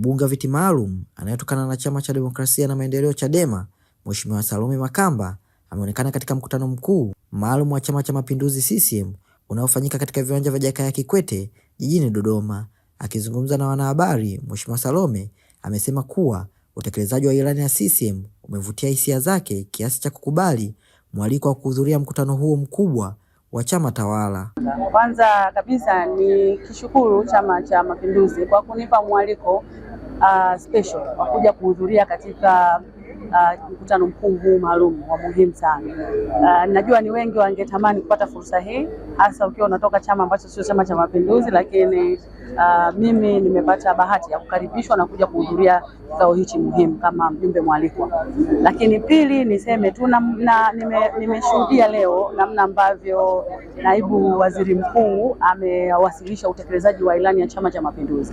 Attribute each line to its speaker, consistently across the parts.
Speaker 1: Mbunge wa viti maalum anayetokana na Chama cha Demokrasia na Maendeleo CHADEMA, Mheshimiwa Salome Makamba ameonekana katika mkutano mkuu maalum wa Chama cha Mapinduzi CCM unaofanyika katika viwanja vya Jakaya Kikwete jijini Dodoma. Akizungumza na wanahabari, Mheshimiwa Salome amesema kuwa utekelezaji wa ilani ya CCM umevutia hisia zake kiasi cha kukubali mwaliko wa kuhudhuria mkutano huo mkubwa wa chama tawala.
Speaker 2: Kwanza kabisa ni kishukuru Chama cha Mapinduzi kwa kunipa mwaliko uh, special wa kuja kuhudhuria katika uh, mkutano mkuu huu maalum wa muhimu sana. Uh, najua ni wengi wangetamani kupata fursa hii, hasa ukiwa unatoka chama ambacho sio Chama cha Mapinduzi, lakini uh, mimi nimepata bahati ya kukaribishwa na kuja kuhudhuria kikao hichi muhimu kama mjumbe mwalikwa. Lakini pili, niseme tu na nimeshuhudia nime leo namna ambavyo naibu waziri mkuu amewasilisha utekelezaji wa ilani ya Chama cha Mapinduzi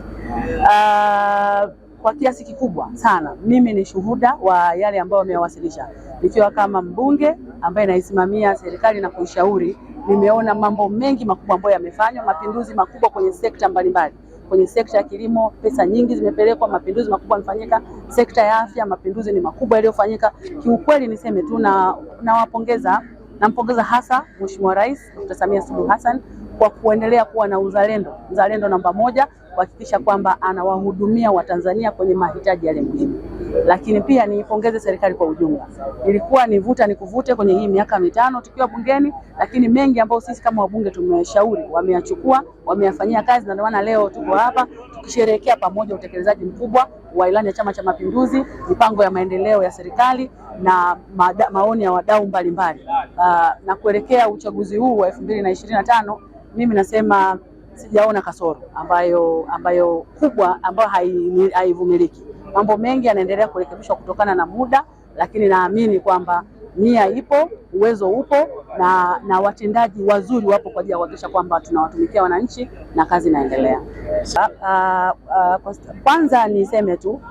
Speaker 2: uh, kwa kiasi kikubwa sana mimi ni shuhuda wa yale ambayo wameyawasilisha. Nikiwa kama mbunge ambaye naisimamia serikali na kuishauri, nimeona mambo mengi makubwa ambayo yamefanywa, mapinduzi makubwa kwenye sekta mbalimbali kwenye sekta ya kilimo pesa nyingi zimepelekwa, mapinduzi makubwa yamefanyika. Sekta ya afya mapinduzi ni makubwa yaliyofanyika. Kiukweli niseme tu na nawapongeza, nampongeza hasa Mheshimiwa Rais Dr. Samia Suluhu Hassan kwa kuendelea kuwa na uzalendo, uzalendo namba moja, kuhakikisha kwamba anawahudumia Watanzania kwenye mahitaji yale muhimu. Lakini pia niipongeze serikali kwa ujumla. Ilikuwa nivuta nikuvute kwenye hii miaka mitano tukiwa bungeni, lakini mengi ambayo sisi kama wabunge tumeshauri wameyachukua, wameyafanyia kazi, na ndio maana leo tuko hapa tukisherehekea pamoja utekelezaji mkubwa wa ilani ya Chama cha Mapinduzi, mipango ya maendeleo ya serikali na maoni ya wadau mbalimbali, uh, na kuelekea uchaguzi huu wa elfu mbili na ishirini na tano mimi nasema sijaona kasoro ambayo ambayo kubwa ambayo haivumiliki. Mambo mengi yanaendelea kurekebishwa kutokana na muda, lakini naamini kwamba nia ipo, uwezo upo na, na watendaji wazuri wapo kwa ajili ya kuhakikisha kwamba tunawatumikia wananchi na kazi inaendelea. Ah, ah, ah, kwanza niseme tu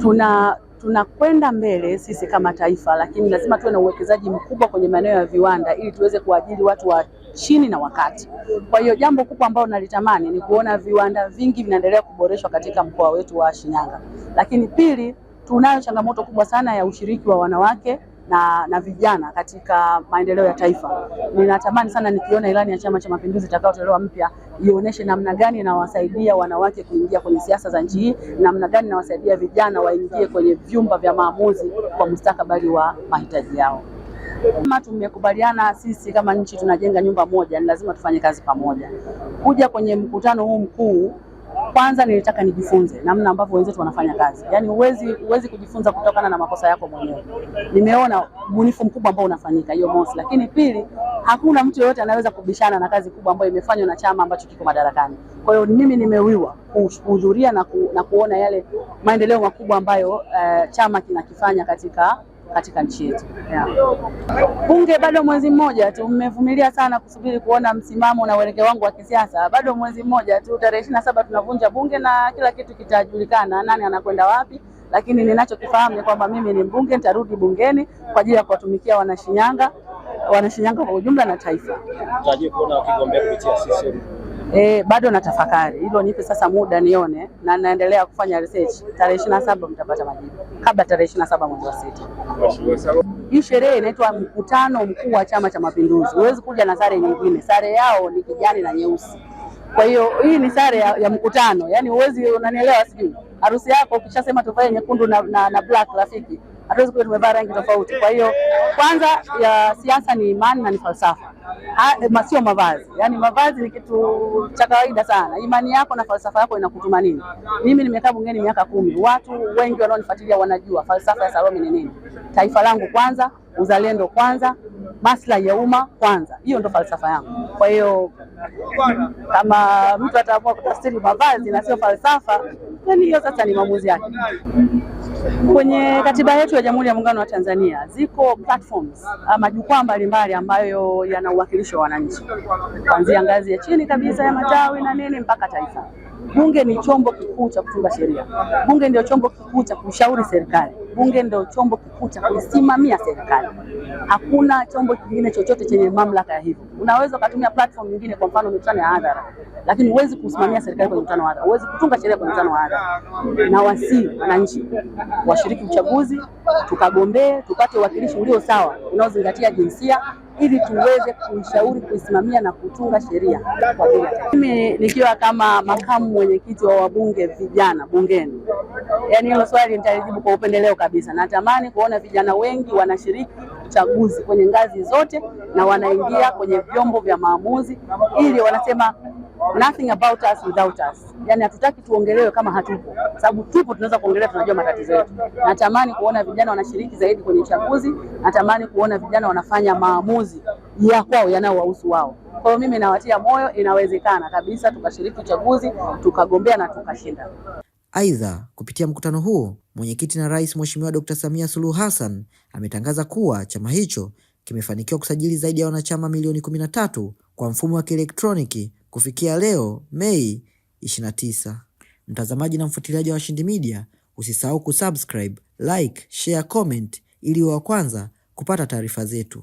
Speaker 2: tuna tunakwenda mbele sisi kama taifa, lakini lazima tuwe na uwekezaji mkubwa kwenye maeneo ya viwanda ili tuweze kuajiri watu wa chini na wakati. Kwa hiyo jambo kubwa ambalo nalitamani ni kuona viwanda vingi vinaendelea kuboreshwa katika mkoa wetu wa Shinyanga. Lakini pili, tunayo changamoto kubwa sana ya ushiriki wa wanawake na, na vijana katika maendeleo ya taifa. Ninatamani sana nikiona ilani ya Chama cha Mapinduzi itakayotolewa mpya ionyeshe namna gani inawasaidia wanawake kuingia kwenye siasa za nchi hii, namna gani inawasaidia vijana waingie kwenye vyumba vya maamuzi kwa mustakabali wa mahitaji yao. Kama tumekubaliana sisi kama nchi tunajenga nyumba moja, ni lazima tufanye kazi pamoja. Kuja kwenye mkutano huu mkuu, kwanza nilitaka nijifunze namna ambavyo wenzetu wanafanya kazi. Yaani huwezi huwezi kujifunza kutokana na makosa yako mwenyewe. Nimeona ubunifu mkubwa ambao unafanyika, hiyo mosi. Lakini pili, hakuna mtu yoyote anaweza kubishana na kazi kubwa ambayo imefanywa na chama ambacho kiko madarakani. Kwa hiyo mimi nimewiwa kuhudhuria na, ku, na kuona yale maendeleo makubwa ambayo uh, chama kinakifanya katika katika nchi yetu yeah. Bunge bado mwezi mmoja tu, mmevumilia sana kusubiri kuona msimamo na uelekeo wangu wa kisiasa. Bado mwezi mmoja tu, tarehe ishirini na saba tunavunja bunge na kila kitu kitajulikana, nani anakwenda wapi. Lakini ninachokifahamu ni kwamba mimi ni mbunge, nitarudi bungeni kwa ajili ya kuwatumikia wanashinyanga, wanashinyanga kwa ujumla na taifa.
Speaker 3: Tunatarajia kuona wakigombea kupitia CCM
Speaker 2: E, bado natafakari hilo, nipe sasa muda nione, na naendelea kufanya research. Tarehe ishirini na saba mtapata majibu kabla tarehe ishirini na saba mwezi wa sita. Hii sherehe inaitwa mkutano mkuu wa Chama cha Mapinduzi. Huwezi kuja na sare nyingine, sare yao ni kijani na nyeusi. Kwa hiyo hii ni sare ya, ya mkutano, yaani huwezi, unanielewa? Sijui harusi yako ukishasema tuvae nyekundu na, na, na black, rafiki, hatuwezi kuja tumevaa rangi tofauti. Kwa hiyo kwanza ya siasa ni imani na ni falsafa sio mavazi. Yani mavazi ni kitu cha kawaida sana. Imani yako na falsafa yako inakutuma nini? Mimi nimekaa bungeni miaka kumi, watu wengi wanaonifuatilia wanajua falsafa ya Salome ni nini. Taifa langu kwanza, uzalendo kwanza, maslahi ya umma kwanza, hiyo ndo falsafa yangu. Kwa hiyo kama mtu ataamua kutafsiri mavazi na sio falsafa, yani hiyo sasa ni maamuzi yake. Kwenye katiba yetu ya Jamhuri ya Muungano wa Tanzania ziko platforms ama ah, jukwaa mbalimbali ambayo yana uwakilishi wa wananchi kuanzia ngazi ya chini kabisa ya matawi na nini mpaka taifa. Bunge ni chombo kikuu cha kutunga sheria. Bunge ndio chombo kikuu cha kushauri serikali. Bunge ndio chombo kikuu cha kusimamia serikali. Hakuna chombo kingine chochote chenye mamlaka ya hivyo. Unaweza ukatumia platform nyingine, kwa mfano mikutano ya hadhara, lakini huwezi kusimamia serikali kwenye mkutano wa hadhara, huwezi kutunga sheria kwenye mkutano wa hadhara. Na wasii wananchi washiriki uchaguzi, tukagombee, tupate uwakilishi ulio sawa unaozingatia jinsia ili tuweze kuishauri, kuisimamia na kutunga sheria kwa mimi nikiwa kama makamu mwenyekiti wa wabunge vijana bungeni. Yaani hilo swali nitalijibu kwa upendeleo kabisa. Natamani kuona vijana wengi wanashiriki uchaguzi kwenye ngazi zote na wanaingia kwenye vyombo vya maamuzi ili wanasema nothing about us without us. Yani hatutaki tuongelewe kama hatupo, sababu tupo, tunaweza kuongelea, tunajua matatizo yetu. Natamani kuona vijana wanashiriki zaidi kwenye uchaguzi, natamani kuona vijana wanafanya maamuzi ya kwao yanayowahusu wao. Kwa hiyo mimi nawatia moyo, inawezekana kabisa tukashiriki uchaguzi, tukagombea na tukashinda.
Speaker 1: Aidha, kupitia mkutano huo mwenyekiti na rais Mheshimiwa Dr. Samia Suluhu Hassan ametangaza kuwa chama hicho kimefanikiwa kusajili zaidi ya wanachama milioni 13 kwa mfumo wa kielektroniki Kufikia leo Mei 29, mtazamaji na mfuatiliaji wa Washindi Media, usisahau kusubscribe, like, share, comment ili wa kwanza kupata taarifa zetu.